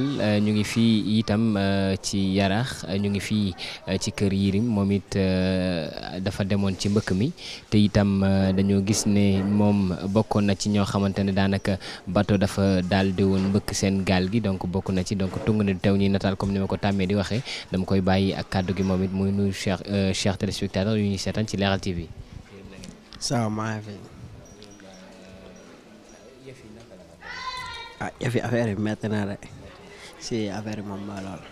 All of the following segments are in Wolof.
Euh, ñu ngi fii itam euh, ci Yaraax euh, ñu ngi fii ci kër Yirim moom it dafa demoon ci mbëkk mi te itam dañoo gis ne moom bokkoon na ci ñoo xamante ne daanaka bato dafa daal di woon mbëkk seen gaal gi donc bokk na ci donc tung na teew ñuy nataal comme ni ma ko tàmmee di waxe dama koy bàyyi ak kàddu gi moom it muy nuyu cher cher téléspectateur yu ñuy seetaan ci Leral TV. ah yëfi ah, affaire bi métti na si affaire moom mooy loolu.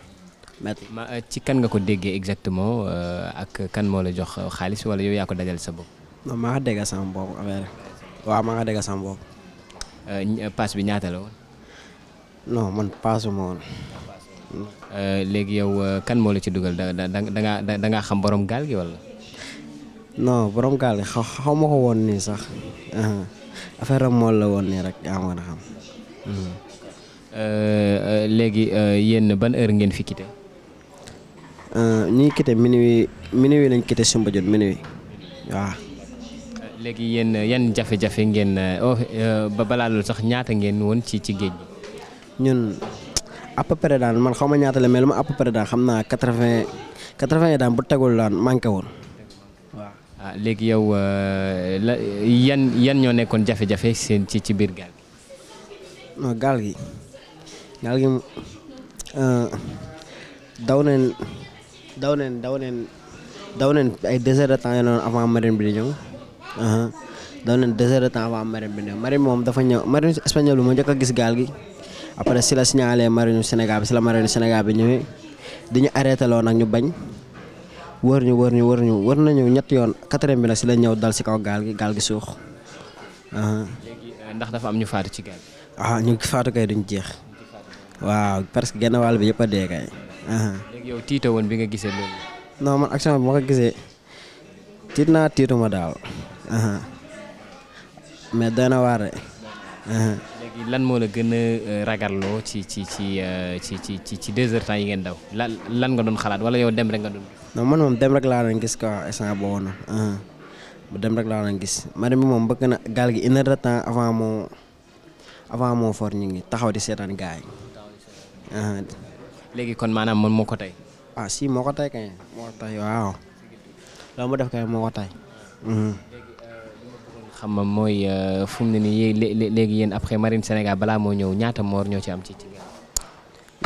ma euh, ci kan nga ko déggee exactement euh, ak kan moo la jox xaalis wala yow yaa ko dajal sa bopp. non maa euh, bi ñaata la woon. man paasu ma woon. léegi yow kan moo la ci dugal da da da xam boroom gaal gi wala. non borom gaal gi xaw xaw ma woon nii sax affaire am la woon nii rek yaa mën a xam. Mm-hmm. Euh, euh, léegi euh, yéen ban heure ngeen fi quitté. ñuy quitté minuit minuit lañ quitté Soumbédioune minuit waaw. léegi yéen yan jafe-jafe ngeen oh, ba balaa loolu sax ñaata ngeen woon ci ci géej gi. ñun à peu près daal man xaw ma ñaata la mais lu ma à peu près xam naa quatre vingt quatre vingt yi daal bu tegul daan manqué woon. waaw ah, léegi yow la yan yan ñoo nekkoon jafe-jafe seen ci ci biir gaal gi. gaal gi. നൽകി ah, daw neen daw neen daw neen daw neen ay deux de temps yoon avant marine bi ni ñëw daw neen deux heures de temps avant moom dafa ñëw marine espagnol bi moo njëkk gis gaal gi après si la signalé marine Sénégal bi si la marine Sénégal bi ñëwee eh. di ñu arrêté nag ñu bañ wër ñu wër ñu wër ñu nañu ñett yoon quatrième bi nag si la ñëw dal si kaw gaal gi gaal gi suux. léegi eh, ndax dafa am ñu faatu ci gaal gi. Ah, ñu faatu kay duñ jeex. waaw parce que genn wàll bi yëpp a dee kay. léegi yow tiita woon bi nga gisee loolu. non man action bi ma ko gisee tiit naa tiituma daal. mais doy na lan moo la gën a euh, loo ci ci euh, ci ci ci ci deux heures temps yi ngeen daw lan lan nga doon xalaat wala yow dem rek nga doon. non man moom dem rek laa doon gis quoi instant boobu noonu. bu dem rek laa doon gis marine bi moom bëgg na gaal gi une heure temps avant moo avant moo for ñu ngi taxaw di seetaan gars yi Uh-huh. léegi kon maanaam moom moo ko tey. ah si moo ko tey kay moo ko waaw. loolu mu def kay moo ko tey. Mm-hmm. Euh, xam nga mooy euh, fu mu ne nii léegi yéen après marine Sénégal balaa moo ñëw ñaata moor ñoo ci am ci.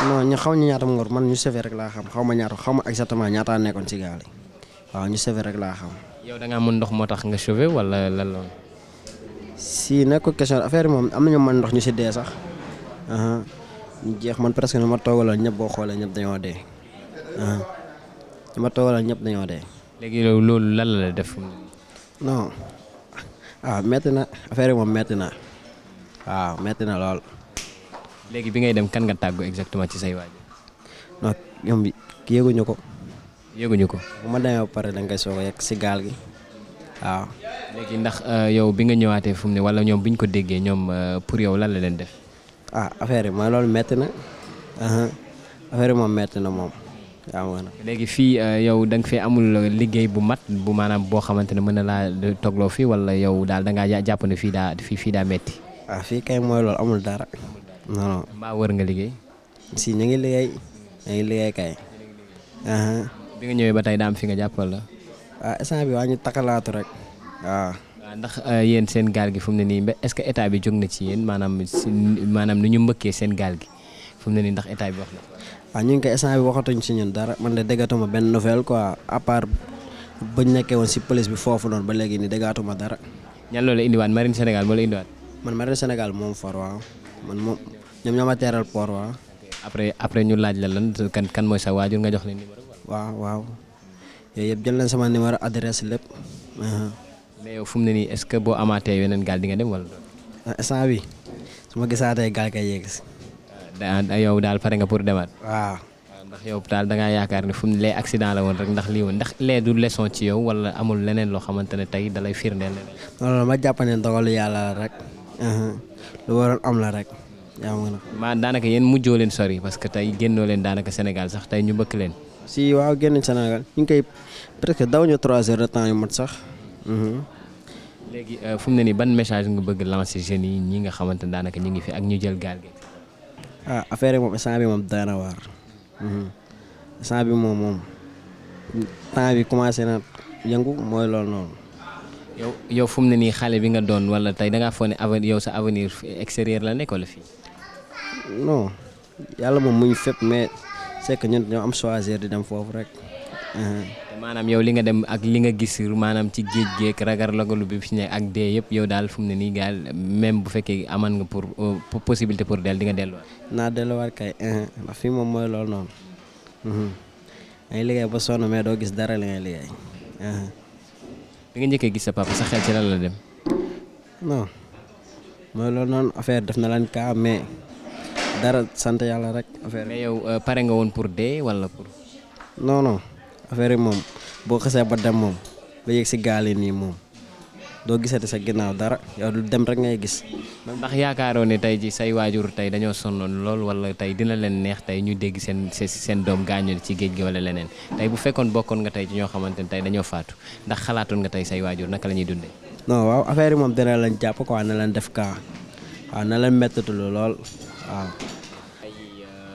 non ñu xaw ñu ñaata man ñu sauvé rek laa xam xaw ma ñaata xaw ma exactement ñaataa nekkoon ci gaal yi waaw ñu sauvé rek laa xam. yow da mu ndox moo tax nga sauvé wala lan la. si nekk question affaire moom am na ñu mën ndox ñu si dee sax. Uh-huh. ñu jeex man presque na ma toogaloon ñëpp boo xoolee ñëpp dañoo dee ah. ma toogaloon ñëpp dañoo dee. léegi loolu lan la def. non ah metti na affaire yi moom metti na waaw ah, na lool. léegi bi ngay dem kan nga tàggu exactement ci say waajur. non ñoom yéeguñu ko. yéeguñu ko. bu ma demee pare da nga koy soog si gaal gi waaw. Ah. léegi ndax euh, yow bi nga ñëwaatee fu mu ne wala ñoom bi ñu ko déggee ñoom euh, pour yow lan la leen def. ah affaire yi mooy loolu metti na affaire moom métti na moom léegi fii euh, yow da nga fee amul liggéey bu mat bu maanaam boo xamante ne mën na laa togloo fii walla yow daal da ngaa jàpp ne fii daa fii fii daa métti. Ah, fii kay mooy loolu amul dara. non wër nga liggéey. si ñu ngi liggéey ñu liggéey kay. bi nga ñëwee ba tey daam fi nga jàppal la. ah waa ñu takkalaatu rek ndax eh, yéen seen gaal gi fu mu ne nii est-ce que état bi jóg na ci yéen maanaam maanaam ñu mbëkkee seen gaal gi fu mu ne nii ndax état bi wax na. waaw ñu ngi koy instant bi waxatuñ si ñun dara man si police bi foofu noonu ba léegi nii déggatuma dara. ñan loolu indiwaat marine Sénégal moo la indiwaat. man marine Sénégal moom for waaw man moom ñoom ñoo ma teeral port waaw. après après ñu laaj la lan kan kan mooy sa waajur nga jox leen numéro. waaw waaw yooyu yëpp jël leen sama numéro adresse lépp. mais yow fu mu ne nii est-ce que boo amaatee yeneen gaal di dem wala. Ah, instant bi su ma gisaatee gaal kay yegg si. Ah, da yow daal pare nga pour demaat. waaw. Ah, ndax yow daal da yaakaar ne fu mu lee accident la woon rek ndax li woon ndax lee du leçon ci yow wala amul leneen loo xamante ne tey dalay firndeel leneen. non ma jàpp ne dogalu yàlla rek. Uh-huh. lu waroon am la rek. yaa ngi ma daanaka yéen mujjoo leen sori parce que tey génnoo leen daanaka Sénégal sax tey ñu bëkk leen. si waaw génn Sénégal léegi euh, fu mu ne nii ban message nga bëgg lancer jeunes yi ñi nga xamante ne daanaka ñu ngi fi ak ñu jël gaal gi. ah affaire yi moom instant bi moom dana waar. Mhm. instant bi moom moom temps bi commencé na yëngu mooy lool noonu. yow yow fu mu ne nii xale bi nga doon wala tey da ngaa foog ne avenir yow sa avenir extérieur la nekk wala fii. yàlla moom mu ngi fépp mais c'est que ñun ñoo am choisir di dem foofu rek. te maanaam yow li nga dem ak li nga gis maanaam ci géej géej ragar lagalu bi fi ne ak dee yëpp yow daal fu ne nii gaal même bu fekkee aman nga euh, pour possibilité pour dell di nga delluwaat. naa delluwaat kay eh, ndax moom mooy loolu noonu. Mhm. ngay liggéey ba sonn mais doo gis dara li ngay liggéey. Eh. gis sa papa sa ci lan la dem. loolu noonu affaire def na lan kaa mais dara sant yàlla rek affaire mais euh, pare nga woon pour dee wala pour. non affaire yi moom boo xasee ba dem moom ba yegg si gaal yi nii moom doo gisati sa ginnaaw dara yow du dem rek ngay gis. ndax yaakaaroo ni tey ji say waajur tey dañoo sonnoon lool walla tey dina leen neex tey ñu dégg seen seen doom gaañu ci géej gi wala leneen tey bu fekkoon bokkoon nga tey ci ñoo xamante ne tey dañoo faatu ndax xalaatoon nga tey say waajur naka la ñuy dundee. non waaw affaire yi moom dina leen jàpp quoi na leen def kaa waaw na leen méttitu lool waaw.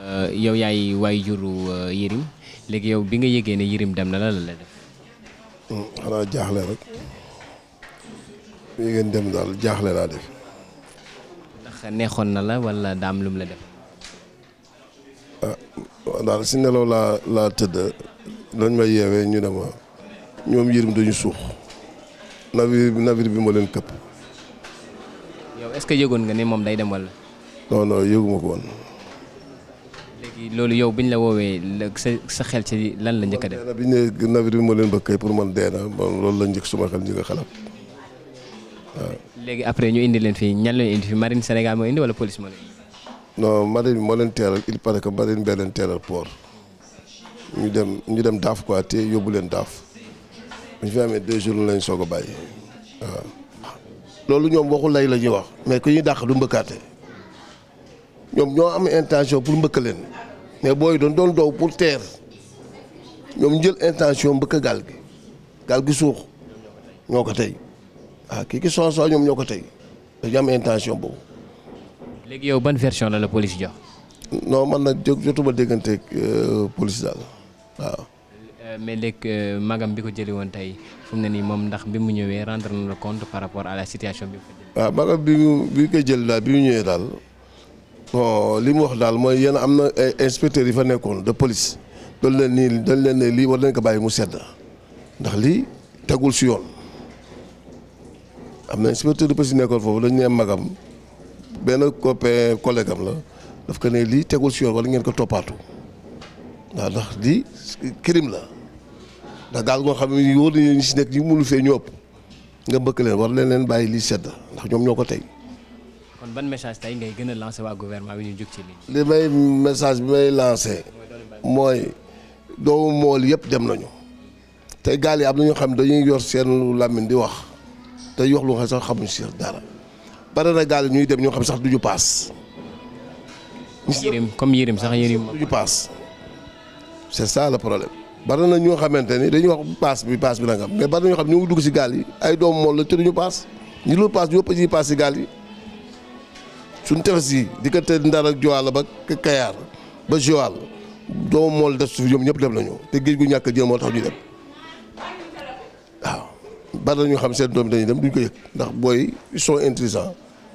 Euh, yow yaay waay juru euh, Yérim léegi yow bi nga yëgee ne Yérim dem na la la la def. Hmm, xanaa jaaxle rek bi ngeen dem daal jaaxle laa def. neexoon na la wala daam lum la def. ah daal si nelaw laa tëdd dañ ma yeewee ñu ne ñoom Yérim dañu suux navire navire bi ma leen këpp. yow est-ce que yëgoon nga ne moom day dem wala. non non ko woon. loolu yow ñu la woowee sa sa xel ci lan la njëkk a def. bi ñu ne nawet bi moo leen bëgg pour man dee na loolu la njëkk suma xel njëkk xalaat waaw. léegi après ñu indi leen fii ñan la indi fi marine Sénégal moo indi wala police moo leen indi. non marine bi moo leen teeral il paraît que marine bee leen teeral port ñu dem ñu dem daaf quoi te yóbbu leen daaf bu ñu fi amee deux jours lañ soog a bàyyi waaw. loolu ñoom waxul lay la ñuy wax mais ku ñuy dàq du mbëkkaate ñoom ñoo am intention mbëkk leen mais booy doon doon dow pour teer ñoom jël intention mbëkk gaal gi gaal gi suux ñoo ko tey waaw ah, kii ki soo soo ñoom ñoo ko tey dañu am intention boobu. léegi yow ban version la la police jox. non man nag jotuma dégganteeg euh, police daal waaw. Euh, mais léegi euh, magam bi ko jëli woon tey fu ne nii moom ndax bi mu ñëwee rendre na le compte par rapport à la situation bi. waaw magam bi mu ko jëli daal bi mu ñëwee daal. bon li mu wax daal mooy yéen am na ay inspecteurs yi fa nekkoon de police doon leen nii dañ leen lii war nañ ko bàyyi mu sedd ndax lii tegul si yoon am na inspecteur de police yi nekkoon foofu dañ ne magam benn copain collègue la daf ko ne lii tegul si yoon wala ngeen ko toppaatu waaw ndax lii kirim la ndax gaal goo xam ne wóor nañu si nekk ñu mënu fee ñu ëpp nga mbëkk leen war leen leen bàyyi lii sedd ndax ñoom ñoo ko tey. kon ban message tey ngay gën lancé waa gouvernement bi ñu jóg li may message bi may lancé mooy doomu mool yëpp dem nañu te gaal yi am na ñoo xam dañuy yor seen làmmiñ di wax te wax lu nga sax xamuñ si dara bare na gaal yi ñuy dem ñoo xam sax du ñu paas. yërim comme yërim sax yërim du ñu paas c'est ça le na ñoo xamante ni dañuy wax paas bi paas bi nangam mais bari na ñoo xam ñu ngi dugg si gaal yi ay doomu mool la te duñu paas ñu lu paas ñu ëpp a paas si gaal yi. suñ tefes yi diggante Ndar ak Joal ba Kayaar ba Joal doomu mool def suuf ñoom ñëpp dem nañu te géej gu ñàkk jël moo tax ñu dem waaw bari nañu xam seen doom dañuy dem duñ ko yëg ndax booy ils sont intelligents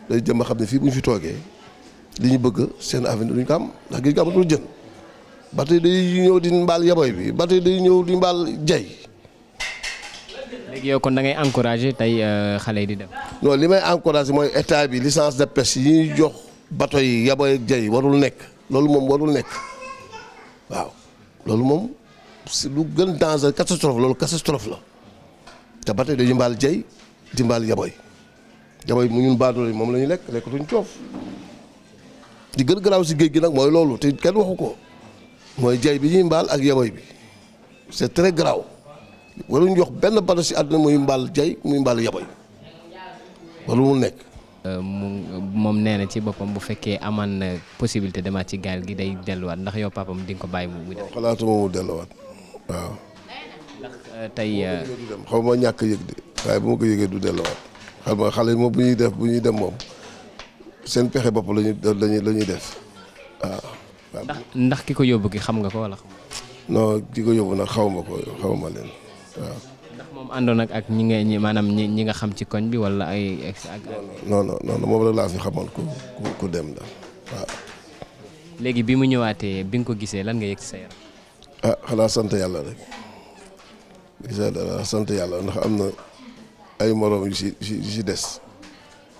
day jëm a xam ne fii bu ñu fi toogee li ñu bëgg seen avenir duñ ko am ndax géej gi amatul jën ba tey day ñëw di mbaal yaboy bi ba tey day ñëw di mbaal jay léegi kon da ngay encouragé tey euh, xale yi di dem. non li may encouragé mooy état bi licence de pêche jox bato yi yaboy warul nekk loolu moom warul nekk waaw loolu moom si lu gën danger catastrophe loolu catastrophe la te bato yi dañu mbaal jëy di mbaal yaboy yaboy mu ñun baadoo yi moom la ñu lekk lekkatuñ coof di gën garaaw si géej gi nag mooy loolu te kenn waxu ko mooy jay bi ñuy mbaal ak yaboy bi c'est très grave. waruñu jox benn bado si àdduna muy mbaal jay muy mbaal yaboy wala mu nekk. Euh, moom nee na ci boppam bu fekkee amaan na possibilité demaat ci gaal gi day delluwaat ndax yow papam di nga ko bàyyi mu. waaw xalaatuma mu delluwaat waaw. ndax euh, euh, xaw ma ñàkk yëg bu ma ko yëgee du delluwaat xam nga xale moom bu ñuy def bu ñuy dem moom seen pexe bopp la ñuy def waaw. ndax ki ko yóbbu gi xam nga ko wala. non ki ko yóbbu nag xaw ma ko xaw ma leen. waaw. ndax moom àndoon ak ak ñi ngay ñi maanaam ñi ñi nga xam ci koñ bi wala ay. ex ak non moom rek laa fi xamoon ku ku dem daal waaw. léegi bi mu ñëwaatee bi nga ko gisee lan nga yëg sa yaram. ah xanaa sant yàlla rek ndax am na ay moroom yu si yu si des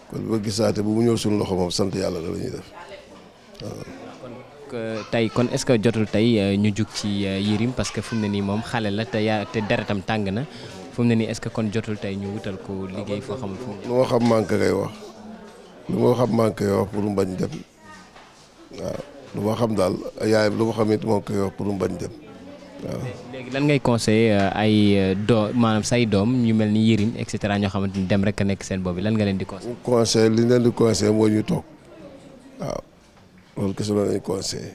kon ba gisaate bu mu ñëw suñu loxo moom sant yàlla la ñuy def Euh, tey kon est-ce que jotul tey euh, ñu jug ci euh, Yérim parce que fu mu ne nii moom xale la te yaa te tàng na fu mu ne nii est-ce que kon jotul tey ñu wutal ko liggéey foo xamul foofu. lu ma xam manqué koy wax lu ma xam xam daal yaayam lu ma xam it koy wax pour mu dem waaw. léegi lan ngay conseiller ay doo maanaam say doom ñu mel ni Yérim et cetera ñoo xamante ni dem rek a nekk seen boobu lan nga leen di conseiller. conseil li ñu leen di conseiller mooy ñu toog waaw. loolu kese la lay conseillé